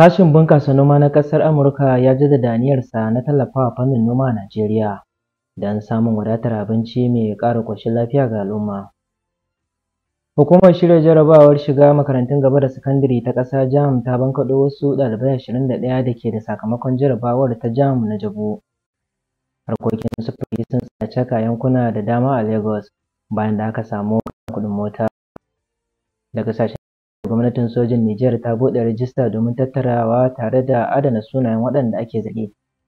Sashen bunƙasa noma na ƙasar Amurka ya jaddada daniyarsa na tallafawa fannin noma a Najeriya don samun wadatar abinci mai ƙara ƙoshin lafiya ga al'umma. Hukumar shirya jarabawar shiga makarantun gaba da sakandare ta ƙasa JAMB ta bankaɗo wasu ɗalibai ashirin da ɗaya da ke da sakamakon jarabawar ta JAMB na Jabu. Harkokin sufuri sun ka yankuna da dama a Lagos bayan da aka samu kuɗin mota daga sashen Gwamnatin Sojin Nijar ta buɗe rajista domin tattarawa tare da adana sunayen waɗanda ake zargi.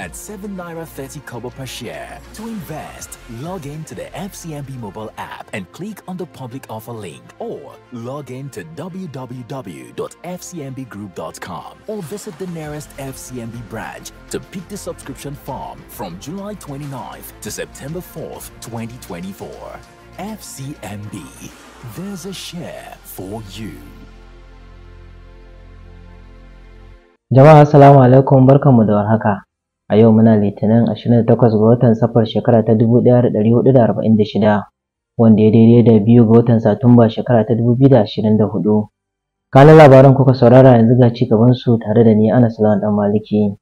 at 7 Naira 30 Kobo per share. To invest, log in to the FCMB mobile app and click on the public offer link or log in to www.fcmbgroup.com or visit the nearest FCMB branch to pick the subscription form from July 29th to September 4th, 2024. FCMB, there's a share for you. Jama'a assalamu alaikum da warhaka. a yau muna litinin 28 ga watan safar shekara ta 1446 wanda ya daidai da biyu ga watan satumba shekara ta 2024 kanan labaran kuka saurara yanzu ga ci gaban su tare da ni ana dan maliki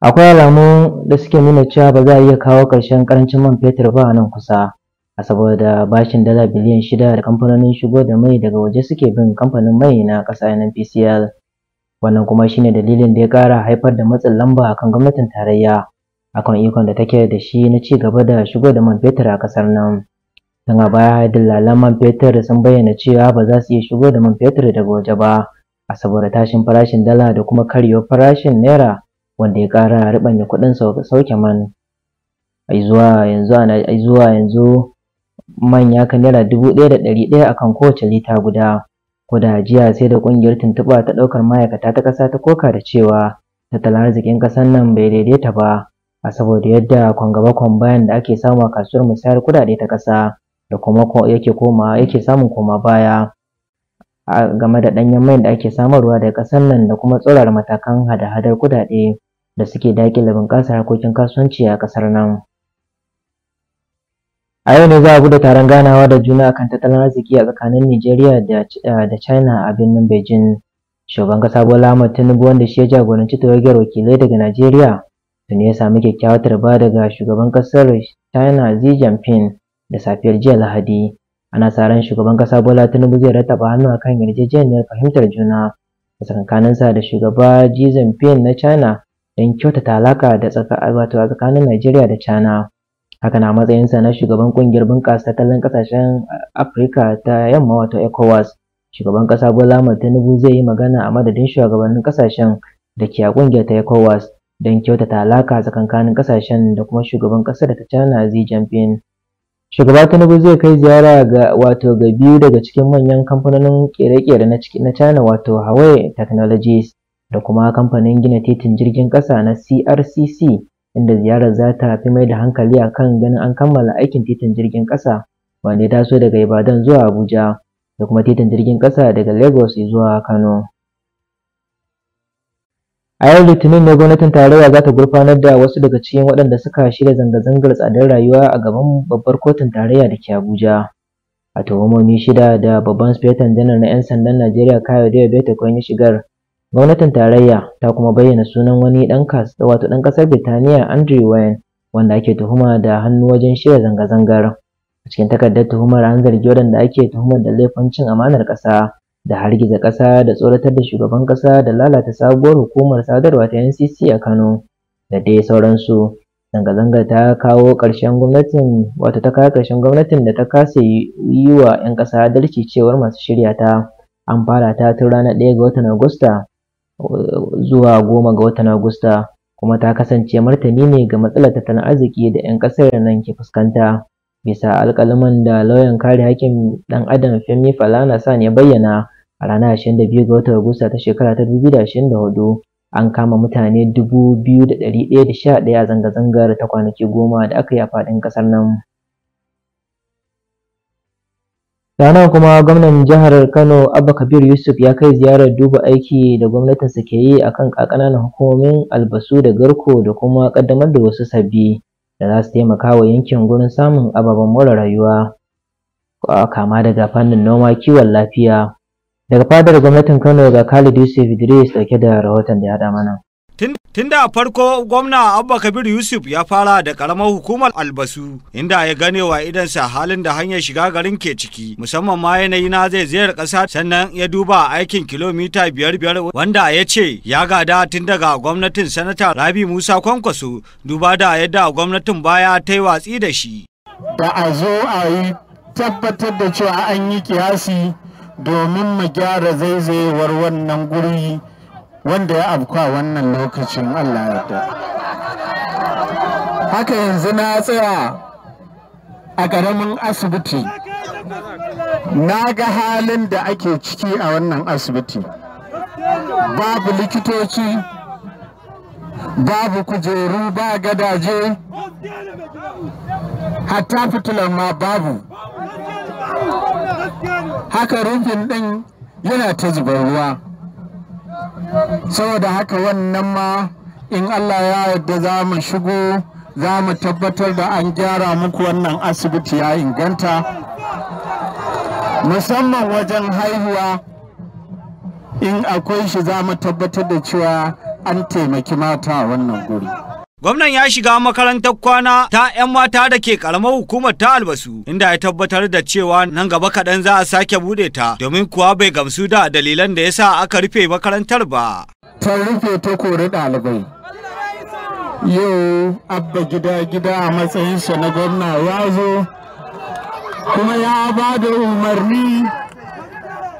akwai alamu da suke nuna cewa ba za a iya kawo ƙarshen karancin man fetur ba nan kusa a saboda bashin dala biliyan shida da kamfanonin shigo da mai daga waje suke bin kamfanin mai na ƙasa NPCL. wannan kuma shine dalilin da ya kara haifar da matsin lamba akan gwamnatin tarayya akan ikon da take da shi na ci gaba da shigo da man fetur a kasar nan don a baya dillalan man fetur sun bayyana cewa ba za su iya shigo da man fetur daga waje ba a saboda tashin farashin dala da kuma karyewar farashin naira wanda ya kara riɓanya kuɗin sauke man a zuwa yanzu a zuwa yanzu man ya kai naira dubu ɗaya da ɗari ɗaya akan kowace lita guda Koda jiya sai da ƙungiyar tuntuɓa ta ɗaukar ma'aikata ta ƙasa ta koka da cewa tattalin arzikin ƙasar nan bai daidaita ba a saboda yadda kwangaba bayan da ake samu a kasuwar misayar kuɗaɗe ta ƙasa da kuma yake koma yake samun koma baya game da ɗanyen mai da ake samarwa da ƙasar nan da kuma tsorar matakan hada-hadar kuɗaɗe da suke daƙile bunƙasar harkokin kasuwanci a ƙasar nan. A yau ne za a buɗe taron ganawa da juna akan tattalin arziki a tsakanin Nijeriya da eh, China a birnin Beijing. Shugaban ƙasa Bola Ahmed Tinubu wanda shi ya jagoranci tawagar wakilai daga Najeriya tuni ya sami kyakkyawar tarba daga shugaban kasar China Xi Jinping da safiyar jiya Lahadi. Ana sa ran shugaban ƙasa Bola Tinubu zai rattaba hannu akan yarjejeniyar fahimtar juna tsakaninsa da shugaba Xi Jinping na China don kyautata alaƙa da wato tsakanin Najeriya da China. haka na matsayinsa na shugaban kungiyar bunƙasa tallan ƙasashen afirka ta yamma wato ecowas shugaban ƙasa bola tinubu zai yi magana a madadin shugabannin ƙasashen da ke a kungiyar ta ecowas don kyautata alaƙa tsakankanin ƙasashen da kuma shugaban ƙasar da ta china xi jinping shugaba tinubu zai kai ziyara ga wato ga biyu daga cikin manyan kamfanonin ƙere-ƙere na china wato hawaii technologies da kuma kamfanin gina titin jirgin ƙasa na crcc inda ziyarar za ta fi mai da hankali a kan ganin an kammala aikin titin jirgin ƙasa wanda ya taso daga Ibadan zuwa Abuja da kuma titin jirgin ƙasa daga Lagos zuwa Kano. A yau Litinin ne gwamnatin tarayya za ta gurfanar da wasu daga cikin waɗanda suka shirya zanga-zangar tsadar rayuwa a gaban babbar kotun tarayya da ke Abuja. A tuhumomi shida da babban sifetan janar na 'yan sandan Najeriya Kayode Ebetekun ya shigar Gwamnatin tarayya ta kuma bayyana sunan wani ɗan wato dan ƙasar Birtaniya Andrew Wayne wanda ake tuhuma da hannu wajen shirya zanga-zangar. A cikin takardar tuhumar an zargi waɗanda ake tuhumar da laifin cin amanar ƙasa da hargiza ƙasa da tsoratar da shugaban ƙasa da lalata sabuwar hukumar sadarwa ta NCC a Kano da dai sauransu. Zanga-zangar ta kawo ƙarshen gwamnatin wato ta kawo ƙarshen gwamnatin da ta kasa yi wa 'yan ƙasa adalci cewar masu shirya ta. An fara ta tun ranar ɗaya ga watan Agusta zuwa goma ga watan Agusta kuma ta kasance martani ne ga matsalar tattalin arziki da 'yan ƙasar nan ke fuskanta bisa alƙaluman da lauyan kare haƙƙin ɗan adam Femi Falana-San ya bayyana a ranar 22 ga watan Agusta ta shekara ta 2024 an kama mutane 2,111 a zanga-zangar ta kwanaki goma da aka yi a faɗin ƙasar nan. ranar kuma gwamnan jihar kano abba kabir yusuf ya kai ziyarar duba aiki da gwamnatinsa ke yi a kan ƙananan hukumomin albasu da garko da kuma ƙaddamar da wasu sabbi da za su taimaka wa yankin gurin samun ababen more rayuwa kama daga fannin noma kiwon lafiya daga fadar gwamnatin kano ga khalid yusuf idris dauke da rahoton da ya mana Tun da farko gwamna Abba Kabir Yusuf ya fara da karamar hukumar Albasu inda ya gane wa idansa halin da hanyar shiga garin ke ciki musamman ma yanayi na zai ziyar ƙasa sannan ya duba aikin kilomita biyar biyar wanda ya ce ya gada tun daga gwamnatin sanata Rabi Musa Kwankwaso duba da yadda gwamnatin baya ta yi watsi da shi. Da a zo a yi tabbatar da cewa an yi kiyasi domin mu gyara zaizayewar wannan guri. wanda ya afkwa wannan lokacin Allah ya da. haka yanzu na tsaya a ƙaramin asibiti na ga halin da ake ciki a wannan asibiti babu likitoci babu kujeru ba gadaje hatta fitilar ma babu haka rufin ɗin yana ta zubar ruwa saboda haka wannan ma in Allah ya yarda za mu shigo za mu tabbatar da an gyara muku wannan asibiti ya inganta musamman wajen haihuwa in akwai shi za mu tabbatar da cewa an taimaki mata a wannan guri. Gwamnan ya shiga makarantar kwana ta 'yan mata da ke karamar hukumar ta albasu inda ya tabbatar da cewa nan gaba kaɗan za a sake buɗe ta domin kuwa bai gamsu da dalilan da ya sa aka rufe makarantar ba. Ta rufe ta kori ɗalibai. Yau abba gida gida a matsayin shi na gwamna ya zo kuma ya ba da umarni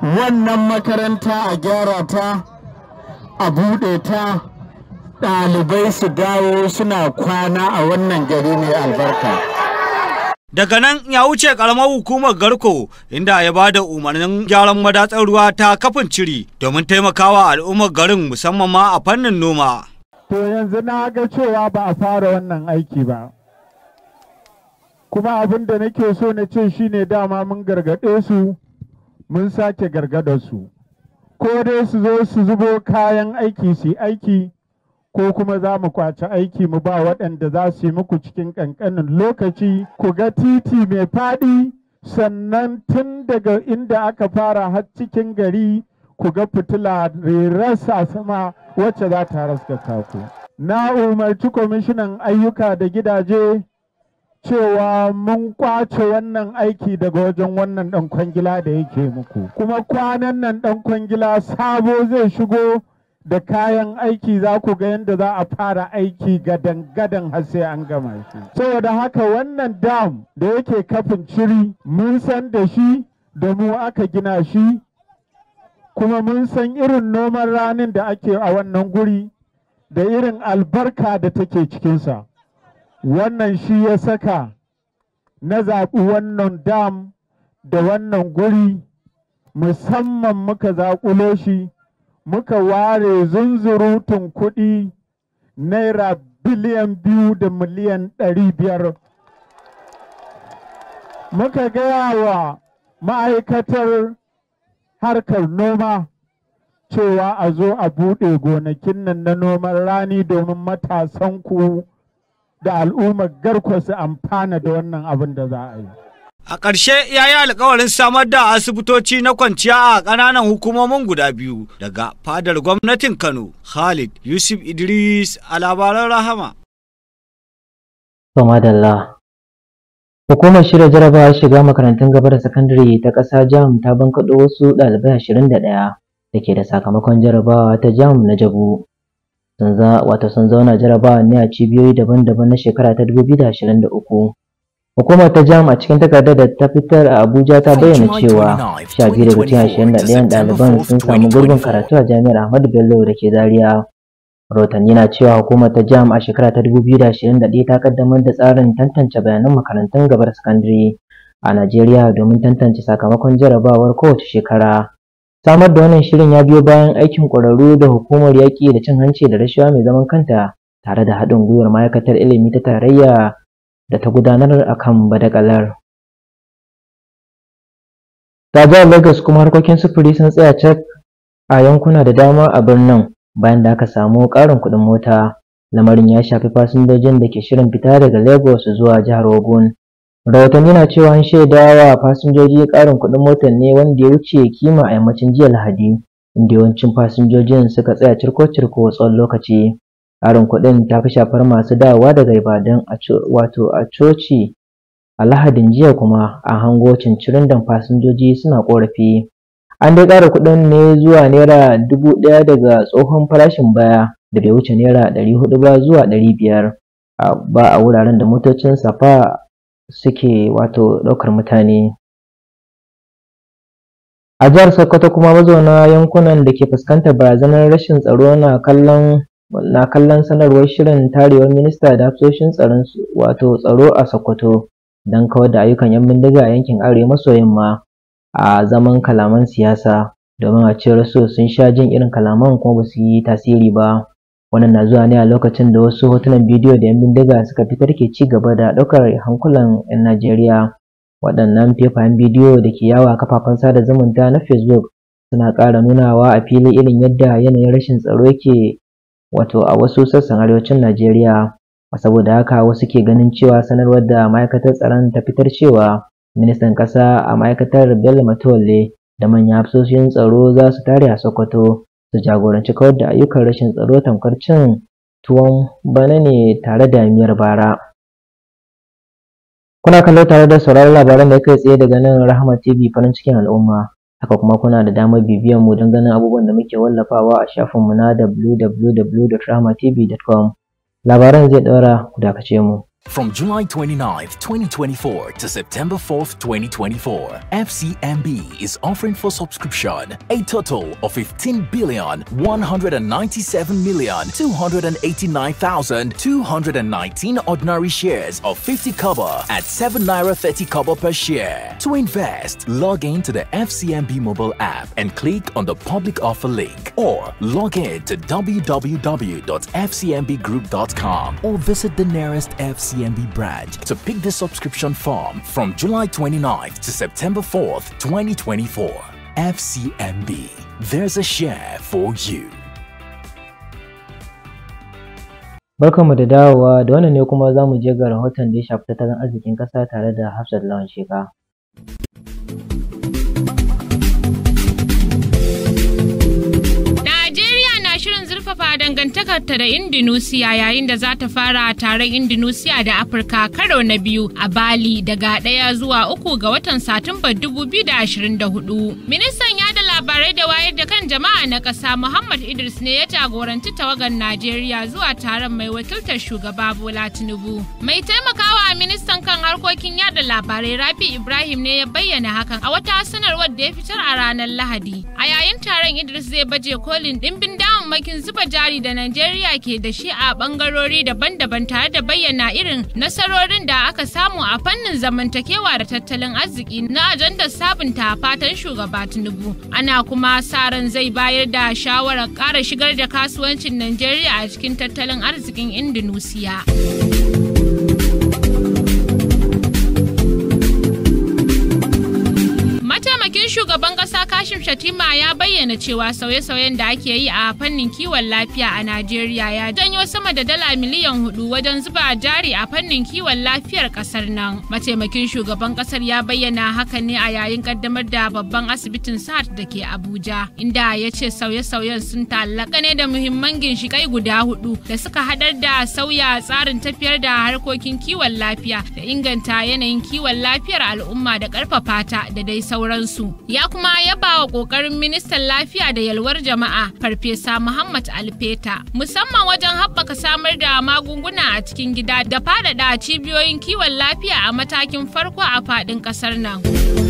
wannan makaranta a gyara ta a buɗe ta ɗalibai su dawo suna kwana a wannan gari mai albarka. daga nan ya wuce karamar hukumar garko inda ya ba da umarnin gyaran madatsar ruwa ta kafin ciri domin taimakawa al'ummar garin musamman ma a fannin noma to yanzu na ga cewa ba a fara wannan aiki ba kuma abin da nake so na ce shi shine dama mun gargaɗe su mun sake gargada su ko dai su zo su zubo kayan aiki su aiki ko kuma za mu kwaci aiki mu ba waɗanda za su yi muku cikin ƙanƙanin lokaci ku ga titi mai faɗi sannan tun daga inda aka fara har cikin gari ku ga fitila rerarsa sama wacce za ta haskaka ku. Na umarci kwamishinan ayyuka da gidaje cewa mun kwace wannan aiki daga wajen wannan ɗan kwangila da yake muku. Kuma kwanan nan ɗan kwangila sabo zai shigo da kayan aiki za ku ga yadda za a fara aiki gadan-gadan har sai an gama shi. Saboda haka wannan dam da yake kafin ciri mun san da shi da mu aka gina shi kuma mun san irin noman ranin da ake a wannan guri da irin albarka da take cikinsa. Wannan shi ya saka na zaɓi wannan dam da wannan guri musamman muka zaƙulo shi. muka ware zunzurutun kuɗi naira biliyan biyu da miliyan ɗari biyar muka gaya wa ma'aikatar harkar noma cewa a zo a buɗe gonakin nan na noman rani domin matasanku da al'ummar garkwa su amfana da wannan abin da za a yi A ƙarshe ya yi alkawarin samar da asibitoci na kwanciya a ƙananan hukumomin guda biyu daga fadar gwamnatin Kano, Khalid Yusuf Idris a labaran Rahama. Somadalla Hukumar shirya jarabawa shiga makarantun gaba da sakandare ta ƙasa jam ta bankaɗo wasu ɗalibai ashirin da ɗaya da ke da sakamakon jarabawa ta jam na jabu. Sun wato sun zauna jarabawa ne a cibiyoyi daban-daban na shekara ta dubu biyu da ashirin da uku. Hukumar ta jam a cikin takardar da ta fitar a Abuja ta bayyana cewa sha biyu daga cikin ashirin da ɗayan ɗaliban sun samu gurbin karatu a jami'ar Ahmadu Bello da ke Zaria. rotan na cewa hukumar ta jam a shekara ta dubu biyu da ashirin da ɗaya ta kaddamar da tsarin tantance bayanan makarantun gabar sakandare a Najeriya domin tantance sakamakon jarabawar kowace shekara. Samar da wannan shirin ya biyo bayan aikin ƙwararru da hukumar yaƙi da cin hanci da rashawa mai zaman kanta tare da haɗin gwiwar ma'aikatar ilimi ta tarayya da ta gudanar a kan badakalar. Ta jihar Lagos kuma harkokin sufuri sun tsaya cak a yankuna da dama a birnin bayan da aka samu ƙarin kuɗin mota. Lamarin ya shafi fasinjojin da ke shirin fita daga Lagos zuwa jihar Ogun. Rahoton yana cewa an shaidawa fasinjoji ƙarin kuɗin motar ne wanda ya wuce kima a yammacin jiya Lahadi, inda yawancin fasinjojin suka tsaya cirko-cirko tsawon lokaci. Ƙarin kuɗin ta fi shafar masu dawowa daga Ibadan wato a coci a Lahadin jiya kuma a hango cirindan fasinjoji suna ƙorafi. An dai ƙara kuɗin ne zuwa naira dubu ɗaya daga tsohon farashin baya da bai wuce naira ɗari hudu ba zuwa ɗari biyar ba a wuraren da motocin safa suke wato ɗaukar mutane. A jihar Sokoto kuma mazauna yankunan da ke fuskantar barazanar rashin tsaro na kallon na kallon sanarwar shirin tarewar minista da hafsoshin tsaron wato tsaro a Sokoto don kawar da ayyukan 'yan bindiga a yankin arewa maso yamma a zaman kalaman siyasa domin a cewar su sun sha jin irin kalaman kuma ba su yi tasiri ba wannan na zuwa ne a lokacin da wasu hotunan bidiyo da 'yan bindiga suka fitar ke ci gaba da ɗaukar hankulan 'yan Najeriya waɗannan fefayen bidiyo da ke yawo a kafafen sada zumunta na Facebook suna ƙara nunawa a fili irin yadda yanayin rashin tsaro yake wato a wasu sassan arewacin Najeriya saboda haka wasu ke ganin cewa sanarwar da ma'aikatar tsaron ta fitar cewa ministan ƙasa a ma'aikatar Bello Matole da manyan hafsoshin tsaro za su tare a Sokoto su jagoranci kawar da ayyukan rashin tsaro tamkar cin tuwon bana ne tare da miyar bara. Kuna kallo tare da sauraron labaran da kai tsaye daga nan Rahama TV farin cikin al'umma. haka kuma kuna da damar bibiyan mu don ganin abubuwan da muke wallafawa a shafinmu na www.rahmatv.com labaran zai ɗora ku dakace mu From July 29, 2024 to September 4, 2024, FCMB is offering for subscription a total of 15 billion 197 million 219 ordinary shares of 50 kobo at 7 naira 30 kobo per share. To invest, log in to the FCMB mobile app and click on the public offer link or log in to www.fcmbgroup.com or visit the nearest FCMB CMB branch to pick the subscription form from July 29th to September 4th, 2024. FCMB, there's a share for you. Barkanmu da dawowa da wannan ne kuma za mu je ga rahoton da ya shafi tattalin arzikin ƙasa tare da Hafsat Lawan Sheka. karfafa dangantakarta da Indonesia yayin da za ta fara taron Indonesia da Afirka karo na biyu a Bali daga ɗaya zuwa uku ga watan Satumba 2024. Ministan ya labarai da wayar da kan jama'a na ƙasa Muhammad Idris ne ya jagoranci tawagar Najeriya zuwa taron mai wakiltar shugaba Bola Tinubu. Mai taimakawa ministan kan harkokin yada labarai rafi Ibrahim ne ya bayyana hakan a wata sanarwar da ya fitar a ranar Lahadi. A yayin taron Idris zai baje kolin ɗimbin damammakin zuba jari da Najeriya ke da shi a ɓangarori daban-daban tare da bayyana irin nasarorin da aka samu a fannin zamantakewa da tattalin arziki na ajandar sabunta fatan shugaba Tinubu. Ana ana kuma sa ran zai bayar da shawarar ƙara shigar da kasuwancin najeriya a cikin tattalin arzikin indonesia Mataimakin shugaban ƙasa Kashim Shatima ya bayyana cewa sauye-sauyen da ake yi a fannin kiwon lafiya a Najeriya ya janyo sama da dala miliyan hudu wajen zuba jari a fannin kiwon lafiyar ƙasar nan. Mataimakin shugaban ƙasar ya bayyana haka ne a yayin ƙaddamar da babban asibitin SAT da ke Abuja, inda ya ce sauye-sauyen sun ta'allaka ne da muhimman ginshiƙai guda hudu da suka haɗar da sauya tsarin tafiyar da harkokin kiwon lafiya da inganta yanayin kiwon lafiyar al'umma da ƙarfafa ta da dai sauransu. Ya kuma yaba wa ƙoƙarin ministan lafiya da yalwar jama'a Farfesa Muhammad Alfeta musamman wajen haɓaka samar da magunguna a cikin gida da faɗaɗa cibiyoyin kiwon lafiya a matakin farko a faɗin ƙasar nan.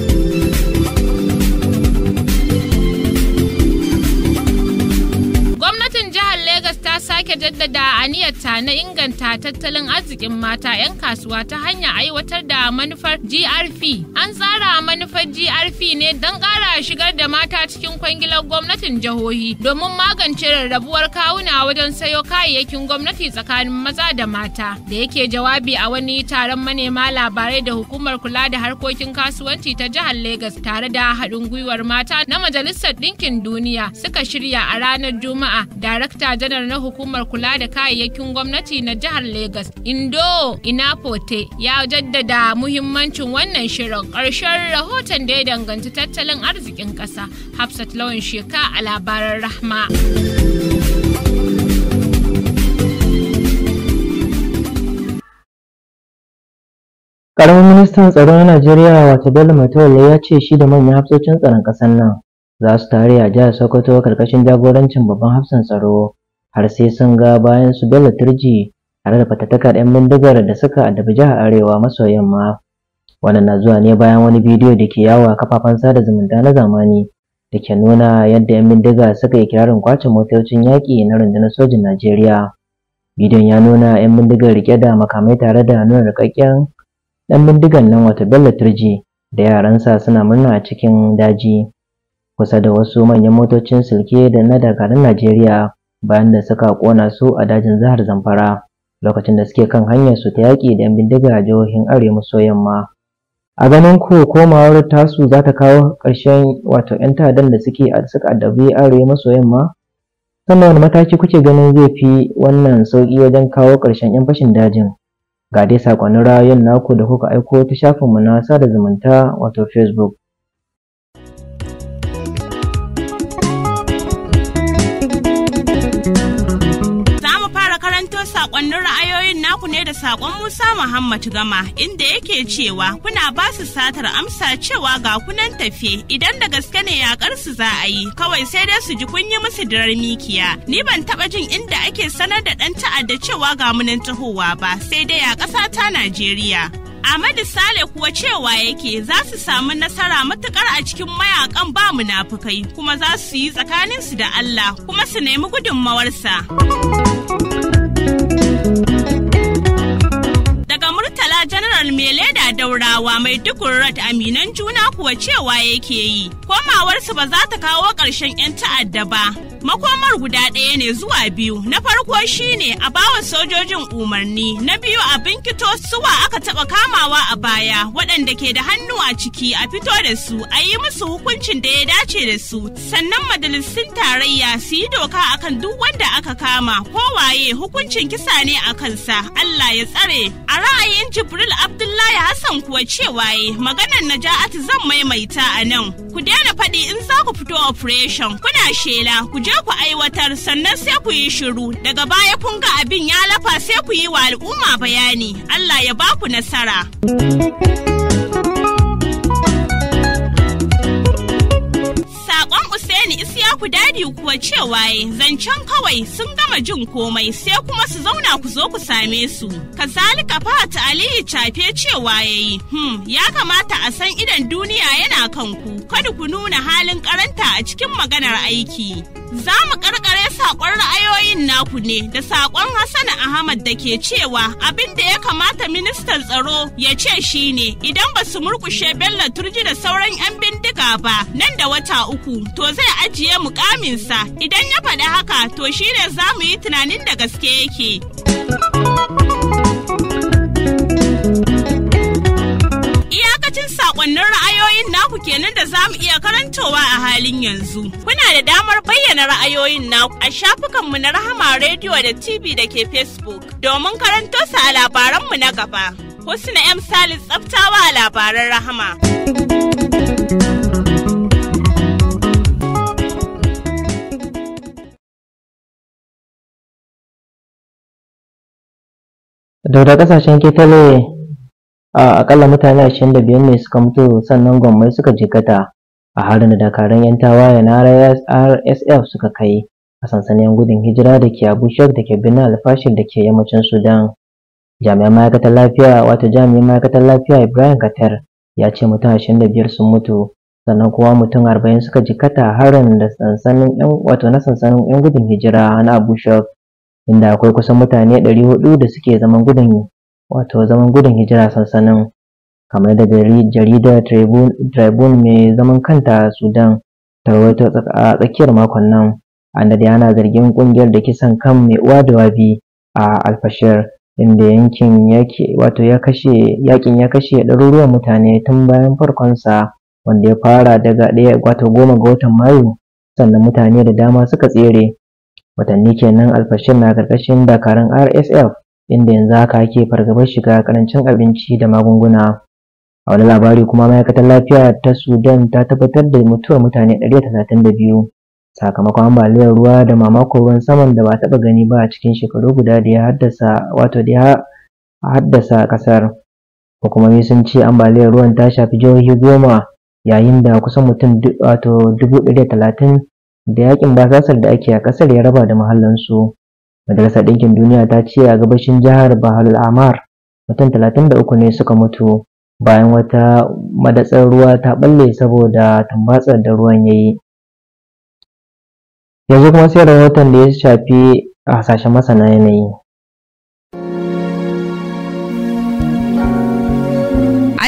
Gwamnatin jihar Legas ta sake jaddada aniyarta na inganta tattalin arzikin mata 'yan kasuwa ta hanyar aiwatar da manufar GRP. An tsara manufar GRP ne don ƙara shigar da mata cikin kwangilar gwamnatin jihohi domin magance rarrabuwar kawuna wajen sayo kayayyakin gwamnati tsakanin maza da mata. Da yake jawabi a wani taron manema labarai da hukumar kula da harkokin kasuwanci ta jihar Legas tare da haɗin gwiwar mata na Majalisar Ɗinkin Duniya suka shirya a ranar Juma'a darakta janar na hukumar kula da kayayyakin gwamnati na jihar Legas, Indo Inapote, ya jaddada muhimmancin wannan shirin ƙarshen rahoton da ya danganci tattalin arzikin ƙasa. Hafsat Lawan Sheka a labaran Rahma. Ƙaramin ministan tsaro na Najeriya wata Bello Matawalle ya ce shi da manyan hafsocin tsaron ƙasar nan za su tare a jihar Sokoto karkashin jagorancin babban hafsan tsaro har sai sun ga bayan su Bello Turji tare da fatattakar 'yan bindigar da suka addabi jihar Arewa maso yamma. Wannan na zuwa ne bayan wani bidiyo da ke yawo a kafafen sada zumunta na zamani da ke nuna yadda 'yan bindiga suka yi kirarin kwace motocin yaƙi na rundunar sojin Najeriya. Bidiyon ya nuna 'yan bindigar rike da makamai tare da nuna rikakken 'yan bindigan nan wata Bello Turji da yaransa suna murna a cikin daji. kusa da wasu manyan motocin silke da na dakarun Najeriya bayan da suka kona su a dajin jihar Zamfara lokacin da suke kan hanyar su ta yaƙi da 'yan bindiga jihohin Arewa maso yamma. A ganin ku komawar tasu za ta kawo ƙarshen wato 'yan ta'addan da suke suka addabi Arewa maso yamma? Sannan wani mataki kuke ganin zai fi wannan sauƙi wajen kawo ƙarshen 'yan fashin dajin? Ga dai saƙonnin rayuwar naku da kuka aiko ta shafinmu na sada zumunta wato Facebook. shirin naku ne da sakon Musa Muhammad Gama inda yake cewa kuna ba su satar amsa cewa ga kunan tafe idan da gaske ne yakar su za a yi kawai sai dai su ji kun yi musu dirar mikiya. Ni ban taba jin inda ake sanar da dan ta'adda cewa ga munin tahowa ba sai dai a ƙasa ta Najeriya. Ahmadu Sale kuwa cewa yake za su samu nasara matukar a cikin mayakan ba munafukai kuma za su yi tsakaninsu da Allah kuma su nemi gudunmawarsa. Mielera. daurawa mai tukurat aminan juna kuwa cewa yake yi komawarsu ba za ta kawo ƙarshen 'yan ta'adda ba makomar guda ɗaya ne zuwa biyu na farko shine a bawa sojojin umarni na biyu a binkito suwa aka taɓa kamawa a baya waɗanda ke da hannu a ciki a fito da su a yi musu hukuncin da ya dace da su sannan majalisun tarayya su yi doka akan duk wanda aka kama ko waye hukuncin kisa ne a kansa Allah ya tsare a ra'ayin Jibril Abdullahi Hassan wannan kuwa cewa maganar Naja'atu zan maimaita a nan. Ku daina faɗi in za ku fito operation kuna shela ku je ku aiwatar sannan sai ku yi shiru daga baya kun ga abin ya lafa sai ku yi wa al'umma bayani. Allah ya ba ku nasara. Ku dadi kuwa cewa eh, zancen kawai sun gama jin komai sai kuma su zauna ku zo ku same su. Kazalika Fat Aliyu Cafe cewa yayi yi, hmm, ya kamata a san idan duniya yana kanku, kada ku nuna halin karanta a cikin maganar aiki. Za mu karkare sakon ra'ayoyin naku ne da sakon hassana Ahmad da ke cewa abin da ya kamata ministan tsaro ya ce shine idan ba su murkushe Bello Turji da sauran 'yan bindiga ba nan da wata uku to zai ajiye mukaminsa idan ya faɗi haka to shine za mu yi tunanin da gaske yake. Iyakacin wannan ra'ayoyin naku kenan da za mu iya karantowa a halin yanzu. Kuna da damar bayyana ra'ayoyin naku a shafukanmu na Rahama Radio da TV da ke Facebook domin karanto su a labaranmu na gaba. Wasu na 'yan Salis tsaftawa a labaran Rahama. Dauda kasashen ketare a akalla mutane ashirin da biyar ne suka mutu sannan gwammai suka jikata a harin da dakarun yan tawaye na rsf suka kai a sansanin gudun hijira da ke abushek da ke birnin alfashir da ke yammacin sudan jami'an ma'aikatar lafiya wato jami'in ma'aikatar lafiya ibrahim katar ya ce mutum ashirin da biyar sun mutu sannan kuma mutum arba'in suka jikata harin da sansanin yan wato na sansanin yan gudun hijira na abushek inda akwai kusan mutane ɗari hudu da suke zaman gudun wato zaman gudun hijira sansanin kamar da jaridar tribune mai zaman kanta sudan tarwaito a tsakiyar makon nan an da yana zargin kungiyar da kisan kan mai uwa da wabi a alfashir inda yankin wato ya kashe yakin ya kashe ɗaruruwan mutane tun bayan farkonsa wanda ya fara daga ɗaya wato goma ga watan mayu sannan mutane da dama suka tsere watanni kenan alfashin na karkashin dakarun rsf inda yanzu haka ake fargabar shiga karancin abinci da magunguna a wani labari kuma ma'aikatar lafiya ta sudan ta tabbatar da mutuwar mutane biyu. sakamakon ambaliyar ruwa da mamakon ruwan saman da ba taɓa gani ba a cikin shekaru guda da ya haddasa wato da ya haddasa ƙasar hukumomi sun ce ambaliyar ruwan ta shafi jihohi goma yayin da kusan mutum wato dubu ɗari da talatin da yakin basasar da ake a ƙasar ya raba da mahallansu Madarasa Ɗinkin Duniya ta ce a gabashin jihar Baharul Amar mutum 33 ne suka mutu bayan wata madatsar ruwa ta ɓalle saboda tambatsar da ruwan ya yi. Yanzu kuma sai rahoton da ya shafi a hasashen masana yanayi.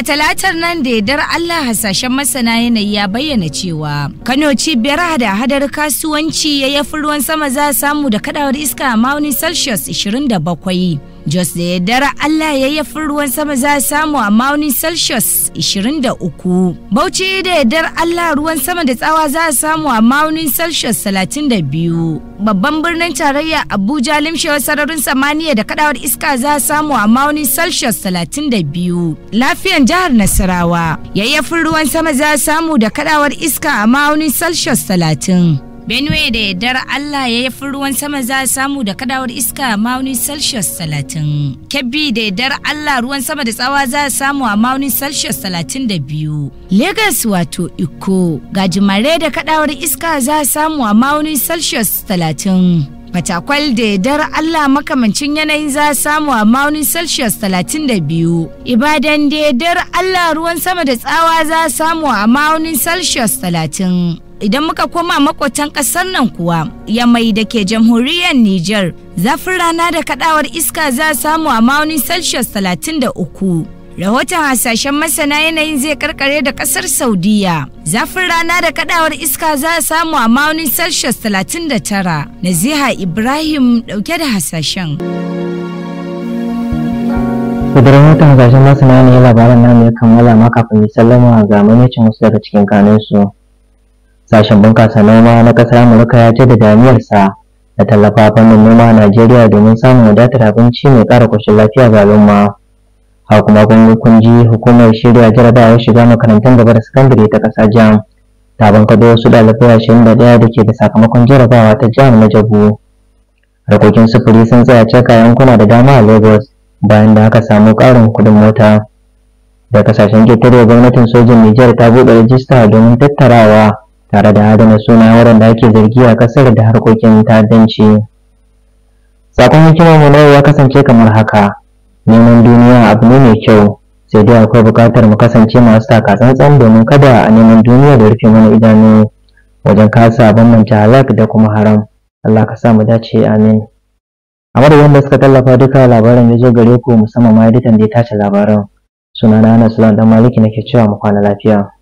talatar nan da yardar Allah hasashen masana yanayi ya bayyana cewa Kano cibiyar hada-hadar kasuwanci ya yafi ruwan sama za a samu da kadawar iska a maunin Celsius 27. Jos da yaddara Allah ya yafin ruwan sama za a samu a maunin Celsius 23. Bauchi da yaddar Allah ruwan sama da tsawa za a samu a maunin Celsius 32. Babban birnin tarayya Abuja limshewar sararin samaniya da kadawar iska za a samu a maunin Celsius 32. Lafiyan jihar Nasarawa yayyafin ruwan sama za a samu da kadawar iska a maunin Celsius 30. benue da yaddar allah ya yafi ruwan sama za a samu da kadawar iska a maunin celsius talatin kebbi da yaddar allah ruwan sama da tsawa za a samu a maunin celsius talatin da biyu lagos wato iko gajimare da kadawar iska za a samu a maunin celsius talatin fatakwal da yardar Allah makamancin yanayin za samu a maunin Celsius 32. Ibadan da yardar Allah ruwan sama da tsawa za samu a maunin Celsius 30. idan muka koma makotan kasar nan kuwa yamai da ke jamhuriyar Nijar zafin rana da kadawar iska za samu a maunin Celsius 33. Rahoton hasashen masana yanayin zai karkare da kasar Saudiya. Zafin rana da kadawar iska za a samu a ma'aunin Celsius 39. Naziha Ibrahim dauke da hasashen. Kudurin watan hasashen masana ne labaran nan ya kammala makafin sallama ga can wasu daga cikin kanunsu. Sashen bunƙasa noma na ƙasar Amurka ya ce da damiyarsa, da tallafa fannin noma a Najeriya domin samun wadatar abinci mai ƙara ƙoshin lafiya ga al'umma. Haka kuma kun ji hukumar shirya jarabawar shiga makarantun gaba da sakandare ta ƙasa jam. Ta bankaɗo wasu ɗalibai ashirin da ɗaya da ke da sakamakon jarabawa ta jam na Jabu. Harkokin sufuri sun tsaya caka yankuna da dama a Lagos bayan da aka samu ƙarin kuɗin mota. da kasashen ƙetare gwamnatin sojin Nijar ta buɗe rajista domin tattarawa tare da adana suna waɗanda ake zargi a ƙasar da harkokin ta'addanci. Sakon hikimar mu yau ya kasance kamar haka, neman duniya abu ne mai kyau, sai dai akwai buƙatar mu kasance masu taka tsantsan domin kada a neman duniya da rufe mana idanu wajen kasa bambanta halak da kuma haram. Allah ka sa mu dace amin. A madadin da suka tallafa duka labaran ya zo gare ku musamman ma editan da ya tace labaran. Sunana na Lan dan Maliki nake cewa mu kwana lafiya.